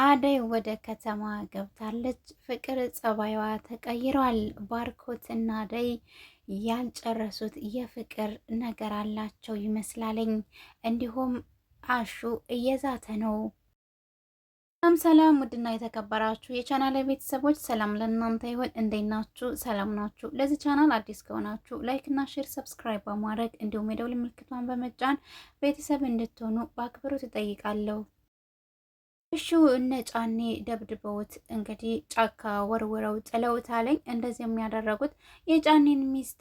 አደይ ወደ ከተማ ገብታለች። ፍቅር ጸባይዋ ተቀይሯል። ባርኮት እና አደይ ያልጨረሱት የፍቅር ነገር አላቸው ይመስላለኝ። እንዲሁም አሹ እየዛተ ነው። ሰላም ሰላም! ውድና የተከበራችሁ የቻናል ቤተሰቦች ሰላም ለእናንተ ይሁን። እንዴት ናችሁ? ሰላም ናችሁ? ለዚህ ቻናል አዲስ ከሆናችሁ ላይክ እና ሼር፣ ሰብስክራይብ በማድረግ እንዲሁም የደውል ምልክቷን በመጫን ቤተሰብ እንድትሆኑ በአክብሮት እጠይቃለሁ። እሹ እነ ጫኔ ደብድበውት እንግዲህ ጫካ ወርውረው ጥለውታለኝ። እንደዚህ የሚያደረጉት የጫኔን ሚስት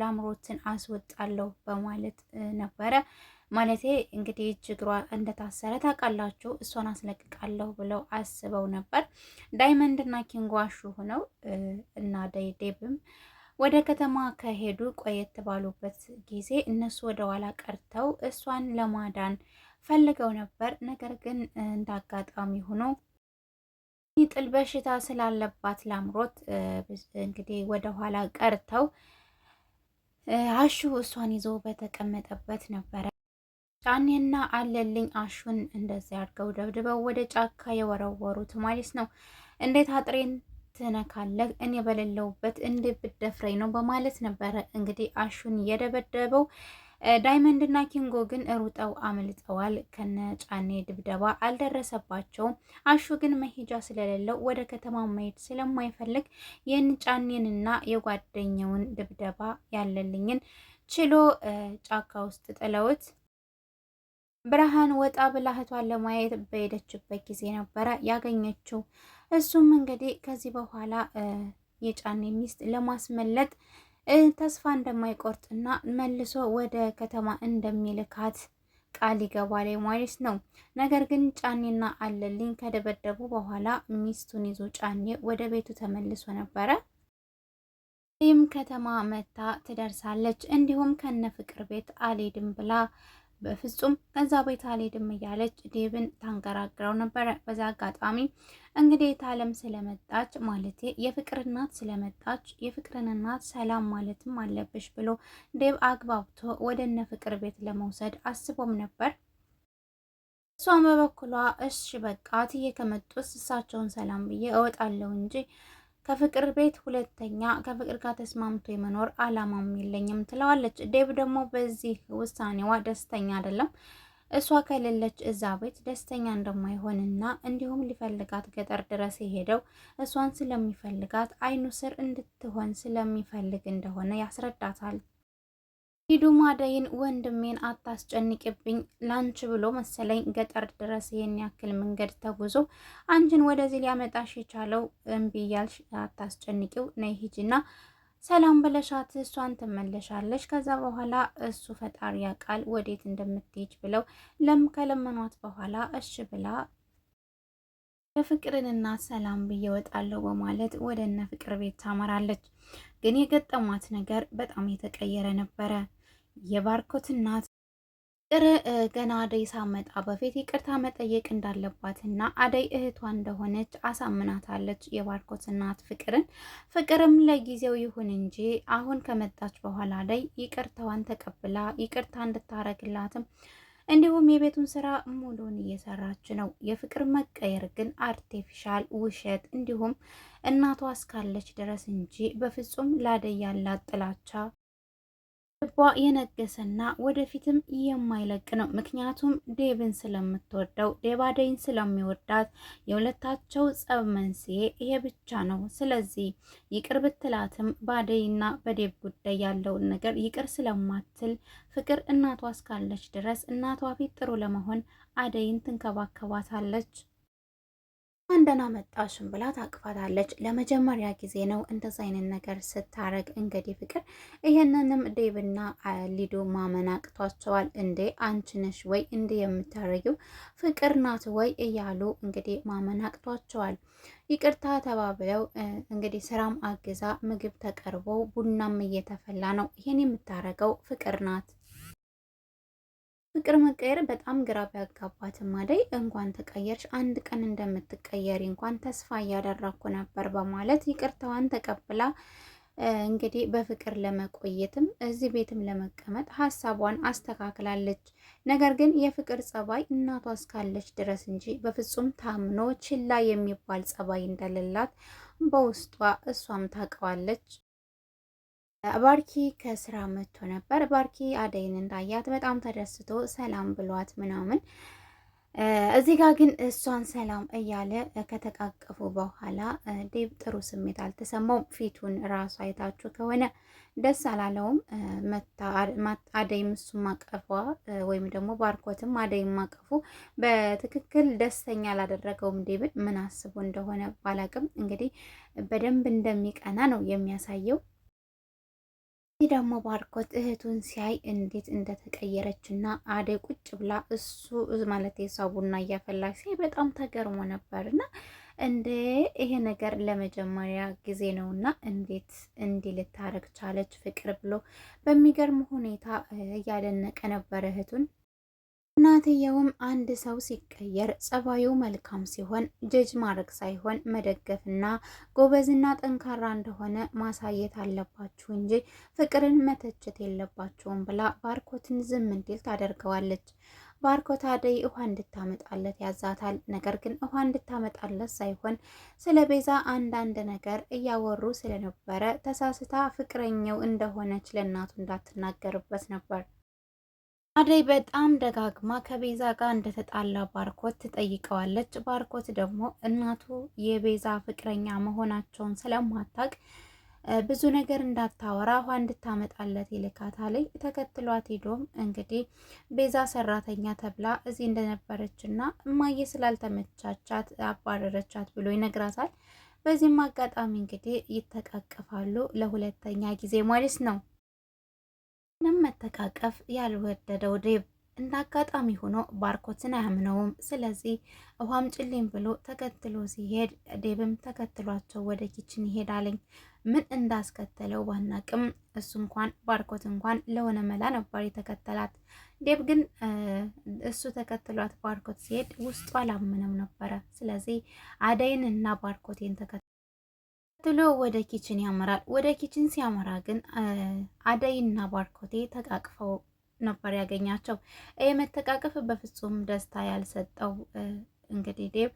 ላምሮትን አስወጣለሁ በማለት ነበረ። ማለቴ እንግዲህ እጅ እግሯ እንደታሰረ ታውቃላችሁ። እሷን አስለቅቃለሁ ብለው አስበው ነበር። ዳይመንድና ኪንጎ ኪንጓሹ ሆነው እና ደይዴብም ወደ ከተማ ከሄዱ ቆየት ባሉበት ጊዜ እነሱ ወደ ኋላ ቀርተው እሷን ለማዳን ፈልገው ነበር። ነገር ግን እንዳጋጣሚ ሆኖ ጥል በሽታ ስላለባት ላምሮት እንግዲህ ወደኋላ ቀርተው አሹ እሷን ይዞ በተቀመጠበት ነበረ። ጫኔና አለልኝ አሹን እንደዚያ አድርገው ደብድበው ወደ ጫካ የወረወሩት ማለት ነው። እንዴት አጥሬን ትነካለህ? እኔ በሌለውበት እንዴት ብደፍረኝ ነው በማለት ነበረ እንግዲህ አሹን የደበደበው። ዳይመንድ እና ኪንጎ ግን ሩጠው አምልጠዋል። ከነ ጫኔ ድብደባ አልደረሰባቸውም። አሹ ግን መሄጃ ስለሌለው ወደ ከተማ መሄድ ስለማይፈልግ ይህን ጫኔንና የጓደኛውን ድብደባ ያለልኝን ችሎ ጫካ ውስጥ ጥለውት ብርሃን ወጣ ብላ እህቷን ለማየት በሄደችበት ጊዜ ነበረ ያገኘችው። እሱም እንግዲህ ከዚህ በኋላ የጫኔ ሚስት ለማስመለጥ ተስፋ እንደማይቆርጥና መልሶ ወደ ከተማ እንደሚልካት ቃል ላይ ማለት ነው። ነገር ግን ጫኔና አለልኝ ከደበደቡ በኋላ ሚስቱን ይዞ ጫኔ ወደ ቤቱ ተመልሶ ነበረ። ይህም ከተማ መታ ትደርሳለች። እንዲሁም ከነ ፍቅር ቤት አልሄድም ብላ በፍጹም ከዛ ቤት አልሄድም እያለች ዴብን ታንገራግረው ነበረ። በዛ አጋጣሚ እንግዲህ የታለም ስለመጣች ማለት የፍቅር እናት ስለመጣች የፍቅርን እናት ሰላም ማለትም አለብሽ ብሎ ዴብ አግባብቶ ወደ እነ ፍቅር ቤት ለመውሰድ አስቦም ነበር። እሷም በበኩሏ እሺ በቃ ትዬ ከመጡ እሳቸውን ሰላም ብዬ እወጣለሁ እንጂ ከፍቅር ቤት ሁለተኛ ከፍቅር ጋር ተስማምቶ የመኖር አላማም የለኝም ትለዋለች። ዴብ ደግሞ በዚህ ውሳኔዋ ደስተኛ አይደለም። እሷ ከሌለች እዛ ቤት ደስተኛ እንደማይሆንና እንዲሁም ሊፈልጋት ገጠር ድረስ የሄደው እሷን ስለሚፈልጋት አይኑ ስር እንድትሆን ስለሚፈልግ እንደሆነ ያስረዳታል። ሂዱ ማዳይን ወንድሜን አታስጨንቅብኝ ላንች ብሎ መሰለኝ ገጠር ድረስ ይህን ያክል መንገድ ተጉዞ አንቺን ወደዚህ ሊያመጣሽ የቻለው እምቢ እያልሽ አታስጨንቂው፣ ነይ ሂጂና ሰላም ብለሻት እሷን ትመለሻለሽ። ከዛ በኋላ እሱ ፈጣሪ ያውቃል ወዴት እንደምትሄጅ ብለው ለም ከለመኗት በኋላ እሽ ብላ የፍቅርንና ሰላም ብዬ ወጣለሁ በማለት ወደ እነ ፍቅር ቤት ታመራለች። ግን የገጠሟት ነገር በጣም የተቀየረ ነበረ። የባርኮት እናት ጥር ገና አደይ ሳመጣ በፊት ይቅርታ መጠየቅ እንዳለባትና አደይ እህቷ እንደሆነች አሳምናታለች የባርኮት እናት ፍቅርን። ፍቅርም ለጊዜው ይሁን እንጂ አሁን ከመጣች በኋላ አደይ ይቅርታዋን ተቀብላ ይቅርታ እንድታረግላትም እንዲሁም የቤቱን ስራ ሙሉን እየሰራች ነው። የፍቅር መቀየር ግን አርቴፊሻል ውሸት፣ እንዲሁም እናቷ እስካለች ድረስ እንጂ በፍጹም ላደይ ያላት ጥላቻ ልቧ የነገሰና ወደፊትም የማይለቅ ነው። ምክንያቱም ዴብን ስለምትወደው ዴብ አደይን ስለሚወዳት የሁለታቸው ጸብ መንስኤ ይሄ ብቻ ነው። ስለዚህ ይቅር ብትላትም በአደይና በዴብ ጉዳይ ያለውን ነገር ይቅር ስለማትል ፍቅር እናቷ እስካለች ድረስ እናቷ ፊት ጥሩ ለመሆን አደይን ትንከባከባታለች። እንኳን መጣሽም ብላ ታቅፋታለች። ለመጀመሪያ ጊዜ ነው እንደዛ አይነት ነገር ስታረግ። እንግዲህ ፍቅር ይህንንም ዴብና ሊዱ ማመን አቅቷቸዋል። እንዴ አንቺ ነሽ ወይ እንዴ የምታረጊው ፍቅር ናት ወይ እያሉ እንግዲህ ማመን አቅቷቸዋል። ይቅርታ ተባብለው እንግዲህ ስራም አግዛ ምግብ ተቀርቦ ቡናም እየተፈላ ነው። ይሄን የምታረገው ፍቅር ናት ፍቅር መቀየር በጣም ግራ ቢያጋባትም አደይ እንኳን ተቀየርሽ፣ አንድ ቀን እንደምትቀየሪ እንኳን ተስፋ እያደረኩ ነበር በማለት ይቅርታዋን ተቀብላ እንግዲህ በፍቅር ለመቆየትም እዚህ ቤትም ለመቀመጥ ሀሳቧን አስተካክላለች። ነገር ግን የፍቅር ጸባይ እናቷ እስካለች ድረስ እንጂ በፍጹም ታምኖ ችላ የሚባል ጸባይ እንደሌላት በውስጧ እሷም ታውቀዋለች። ባርኪ ከስራ መጥቶ ነበር። ባርኪ አደይን እንዳያት በጣም ተደስቶ ሰላም ብሏት ምናምን እዚህ ጋር ግን እሷን ሰላም እያለ ከተቃቀፉ በኋላ ዴብ ጥሩ ስሜት አልተሰማውም። ፊቱን ራሱ አይታችሁ ከሆነ ደስ አላለውም። አደይም እሱ ማቀፏ ወይም ደግሞ ባርኮትም አደይ ማቀፉ በትክክል ደስተኛ አላደረገውም። ዴብን ምን አስቦ እንደሆነ ባላቅም እንግዲህ በደንብ እንደሚቀና ነው የሚያሳየው። ይህ ደግሞ ባርኮት እህቱን ሲያይ እንዴት እንደተቀየረች እና አደይ ቁጭ ብላ እሱ ማለት የሰው ቡና እያፈላች ሲያይ በጣም ተገርሞ ነበር እና እንደ ይሄ ነገር ለመጀመሪያ ጊዜ ነው እና እንዴት እንዲህ ልታረግ ቻለች ፍቅር ብሎ በሚገርም ሁኔታ እያደነቀ ነበር እህቱን። እናትየውም አንድ ሰው ሲቀየር ጸባዩ መልካም ሲሆን ጀጅ ማድረግ ሳይሆን መደገፍና ጎበዝና ጠንካራ እንደሆነ ማሳየት አለባችሁ እንጂ ፍቅርን መተቸት የለባችሁም ብላ ባርኮትን ዝም እንዲል ታደርገዋለች። ባርኮት አደይ ውሃ እንድታመጣለት ያዛታል። ነገር ግን ውሃ እንድታመጣለት ሳይሆን ስለ ቤዛ አንዳንድ ነገር እያወሩ ስለነበረ ተሳስታ ፍቅረኛው እንደሆነች ለእናቱ እንዳትናገርበት ነበር። አደይ በጣም ደጋግማ ከቤዛ ጋር እንደተጣላ ባርኮት ትጠይቀዋለች። ባርኮት ደግሞ እናቱ የቤዛ ፍቅረኛ መሆናቸውን ስለማታቅ ብዙ ነገር እንዳታወራ ውሃ እንድታመጣለት ይልካታል። ተከትሏት ሄዶም እንግዲህ ቤዛ ሰራተኛ ተብላ እዚህ እንደነበረችና እማዬ ስላልተመቻቻት አባረረቻት ብሎ ይነግራታል። በዚህም አጋጣሚ እንግዲህ ይተቃቀፋሉ ለሁለተኛ ጊዜ ማለት ነው። መተቃቀፍ ያልወደደው ዴቭ እንዳጋጣሚ ሆኖ ባርኮትን አያምነውም። ስለዚህ ውሃም ጭሌም ብሎ ተከትሎ ሲሄድ ዴብም ተከትሏቸው ወደ ኪችን ይሄዳልኝ። ምን እንዳስከተለው ባናቅም እሱ እንኳን ባርኮት እንኳን ለሆነ መላ ነበር የተከተላት። ዴብ ግን እሱ ተከትሏት ባርኮት ሲሄድ ውስጡ አላምንም ነበረ። ስለዚህ አደይን እና ባርኮቴን ተከ ትሎ ወደ ኪችን ያመራል። ወደ ኪችን ሲያመራ ግን አደይና ባርኮቴ ተቃቅፈው ነበር ያገኛቸው። ይህ መተቃቀፍ በፍጹም ደስታ ያልሰጠው እንግዲህ ዴብ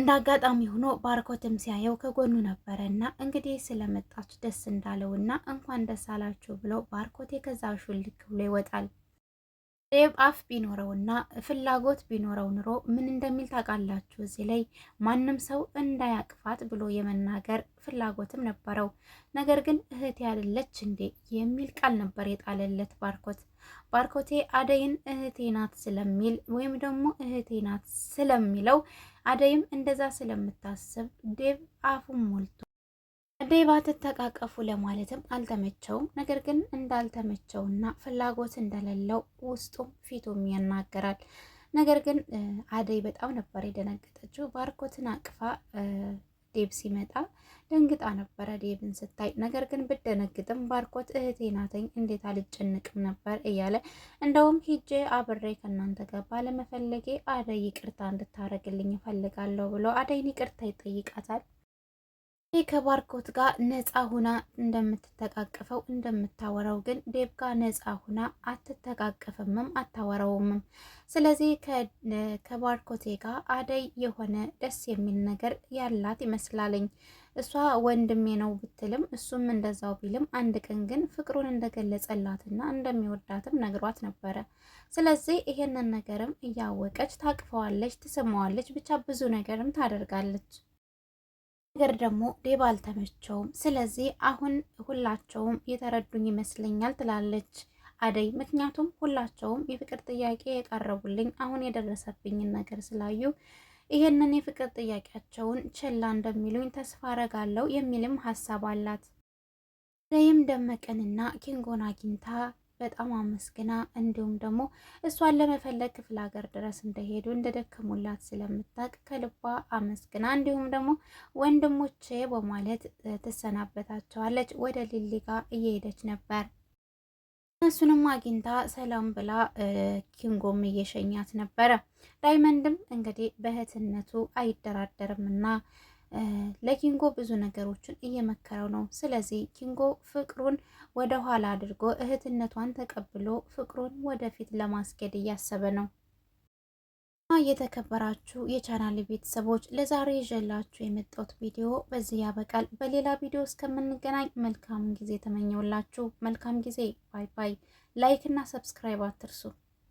እንደ አጋጣሚ ሆኖ ባርኮትም ሲያየው ከጎኑ ነበረ እና እንግዲህ ስለመጣች ደስ እንዳለው እና እንኳን ደስ አላችሁ ብለው ባርኮቴ ከዛ ሹልክ ብሎ ይወጣል። ዴብ አፍ ቢኖረውና ፍላጎት ቢኖረው ኑሮ ምን እንደሚል ታውቃላችሁ? እዚህ ላይ ማንም ሰው እንዳያቅፋት ብሎ የመናገር ፍላጎትም ነበረው። ነገር ግን እህቴ አይደለች እንዴ የሚል ቃል ነበር የጣለለት ባርኮት። ባርኮቴ አደይን እህቴ ናት ስለሚል ወይም ደግሞ እህቴ ናት ስለሚለው አደይም እንደዛ ስለምታስብ ዴቭ አፉን ሞልቶ ዴቭ ትተቃቀፉ ለማለትም አልተመቸውም። ነገር ግን እንዳልተመቸውና ፍላጎት እንደሌለው ውስጡም ፊቱም ያናገራል። ነገር ግን አደይ በጣም ነበር የደነገጠችው። ባርኮትን አቅፋ ዴብ ሲመጣ ደንግጣ ነበረ ዴብን ስታይ። ነገር ግን ብደነግጥም ባርኮት እህቴ ናተኝ እንዴት አልጨንቅም ነበር እያለ እንደውም ሂጄ አብሬ ከእናንተ ጋር ባለመፈለጌ አደይ ይቅርታ እንድታረግልኝ እፈልጋለሁ ብሎ አደይን ይቅርታ ይጠይቃታል። ይህ ከባርኮት ጋር ነፃ ሁና እንደምትተቃቀፈው እንደምታወራው ግን ዴብ ጋር ነፃ ሁና አትተቃቀፍምም አታወራውምም። ስለዚህ ከባርኮቴ ጋር አደይ የሆነ ደስ የሚል ነገር ያላት ይመስላለኝ። እሷ ወንድሜ ነው ብትልም እሱም እንደዛው ቢልም አንድ ቀን ግን ፍቅሩን እንደገለጸላትና እንደሚወዳትም ነግሯት ነበረ። ስለዚህ ይሄንን ነገርም እያወቀች ታቅፈዋለች፣ ትስመዋለች፣ ብቻ ብዙ ነገርም ታደርጋለች። ነገር ደግሞ ዴባ አልተመቸውም። ስለዚህ አሁን ሁላቸውም የተረዱኝ ይመስለኛል ትላለች አደይ። ምክንያቱም ሁላቸውም የፍቅር ጥያቄ የቀረቡልኝ አሁን የደረሰብኝን ነገር ስላዩ ይሄንን የፍቅር ጥያቄያቸውን ችላ እንደሚሉኝ ተስፋ አረጋለሁ የሚልም ሀሳብ አላት። አደይም ደመቀንና ኪንጎን አግኝታ በጣም አመስግና እንዲሁም ደግሞ እሷን ለመፈለግ ክፍለ ሀገር ድረስ እንደሄዱ እንደደከሙላት ስለምታውቅ ከልቧ አመስግና እንዲሁም ደግሞ ወንድሞቼ በማለት ትሰናበታቸዋለች። ወደ ሊሊ ጋር እየሄደች ነበር። እነሱንም አግኝታ ሰላም ብላ ኪንጎም እየሸኛት ነበረ። ዳይመንድም እንግዲህ በእህትነቱ አይደራደርም ለኪንጎ ብዙ ነገሮችን እየመከረው ነው። ስለዚህ ኪንጎ ፍቅሩን ወደ ኋላ አድርጎ እህትነቷን ተቀብሎ ፍቅሩን ወደፊት ለማስኬድ እያሰበ ነው። የተከበራችሁ የቻናል ቤተሰቦች ለዛሬ ይዤላችሁ የመጣሁት ቪዲዮ በዚህ ያበቃል። በሌላ ቪዲዮ እስከምንገናኝ መልካም ጊዜ ተመኘውላችሁ። መልካም ጊዜ። ባይ ባይ። ላይክ እና ሰብስክራይብ አትርሱ።